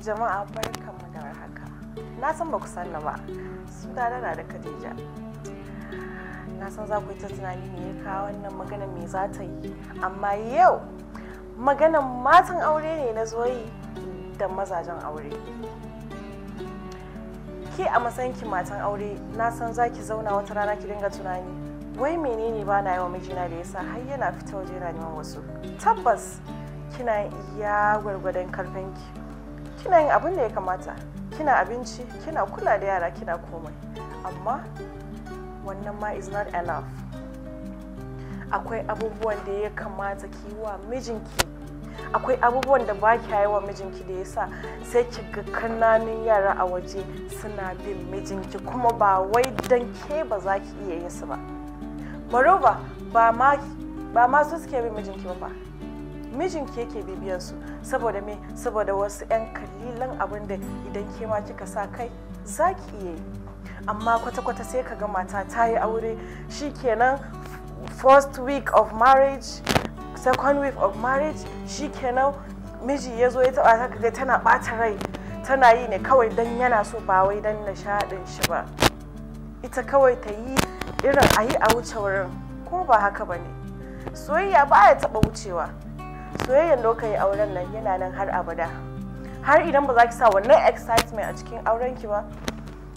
jama'a barkanmu da haka. na san ba ku sanna ba suna na da khadija na san za ku yi ta tunani ne ya kawo wannan magana mai za ta yi amma yau maganan matan aure ne na zoyi da mazajen aure ke a matsayinki matan aure na san za ki zauna wata rana ki dinga tunani wai menene ba na yawa mijina da yasa har yana fita waje na wasu tabbas kina iya gwargwadon karfinki kina yin abin da ya kamata kina abinci kina kula da yara kina komai amma wannan ma is not enough akwai abubuwan da ya kamata ki wa mijinki akwai abubuwan da ba ki yi wa mijinki da ya sa sai ki ga kananun yara a waje suna bin mijinki kuma ba wai don ke ba za ki iya yin su ba moreover ba ma su suke bin mijinki ba mijin mijinki yake bibiyan su saboda me saboda wasu 'yan kalilan abin da idan ke ma kika sa kai za ki amma kwata-kwata sai ka ga mata ta yi aure shi kenan first week of marriage second week of marriage shi kenan miji ya zo ya taba ka kaga tana bata rai tana yi ne kawai dan yana so ba wai dan nishadin shi ba ita kawai ta yi irin a yi a wuce wurin ko ba haka ba ne soyayya ba ya taba wucewa soyayyar lokacin auren nan yana nan har abada har idan ba za ki sa wannan excitement a cikin auren ki ba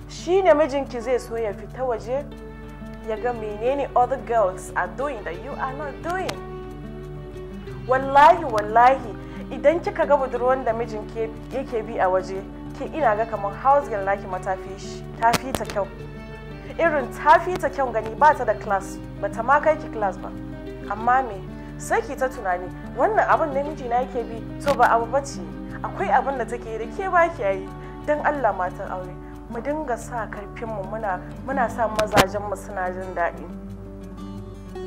shi ne mijinki zai so ya fita waje ya ga menene other girls are doing that you are not doing wallahi wallahi idan kika ga budurwan da mijin yake bi a waje ke ina ga kamar house girl naki ma ta fi ta kyau irin ta fi ta kyau gani ba ta da class ba ta ma kai ki class ba amma me sai ki ta tunani wannan abin da na yake bi to ba abu ce akwai abin da take da ke ba ki yi dan Allah matan aure mu dinga sa karfin mu muna muna sa mazajen mu suna jin daɗi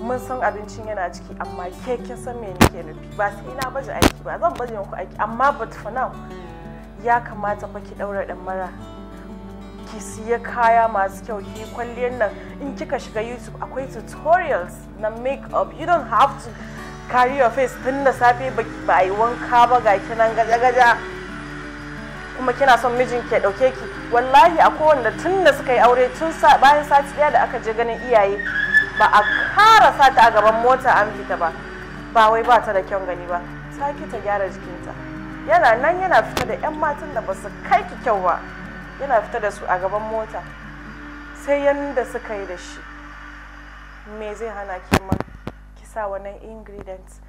mun san abincin yana ciki amma ke kin san me nake nufi ba sai na baje aiki ba zan baje ku aiki amma but for now ya kamata fa ki daura dan mara ki siya kaya masu kyau ki kwalliyar nan in kika shiga youtube akwai tutorials na make up you don't have to carry your face tun da safe ba a yi wanka ba ga nan gaja-gaja kuma kina son mijin ke ɗauke ki wallahi a kowanne tun da suka yi aure tun bayan sati daya da aka je ganin iyaye ba a kara sata a gaban mota an fita ba ba wai ba ta da kyan gani ba ta ta gyara jikinta yana nan yana fita da 'yan matan da ba su kai ki kyau ba yana fita da su a gaban mota sai yanda suka yi da shi me zai hana ki ma sa wannan ingredients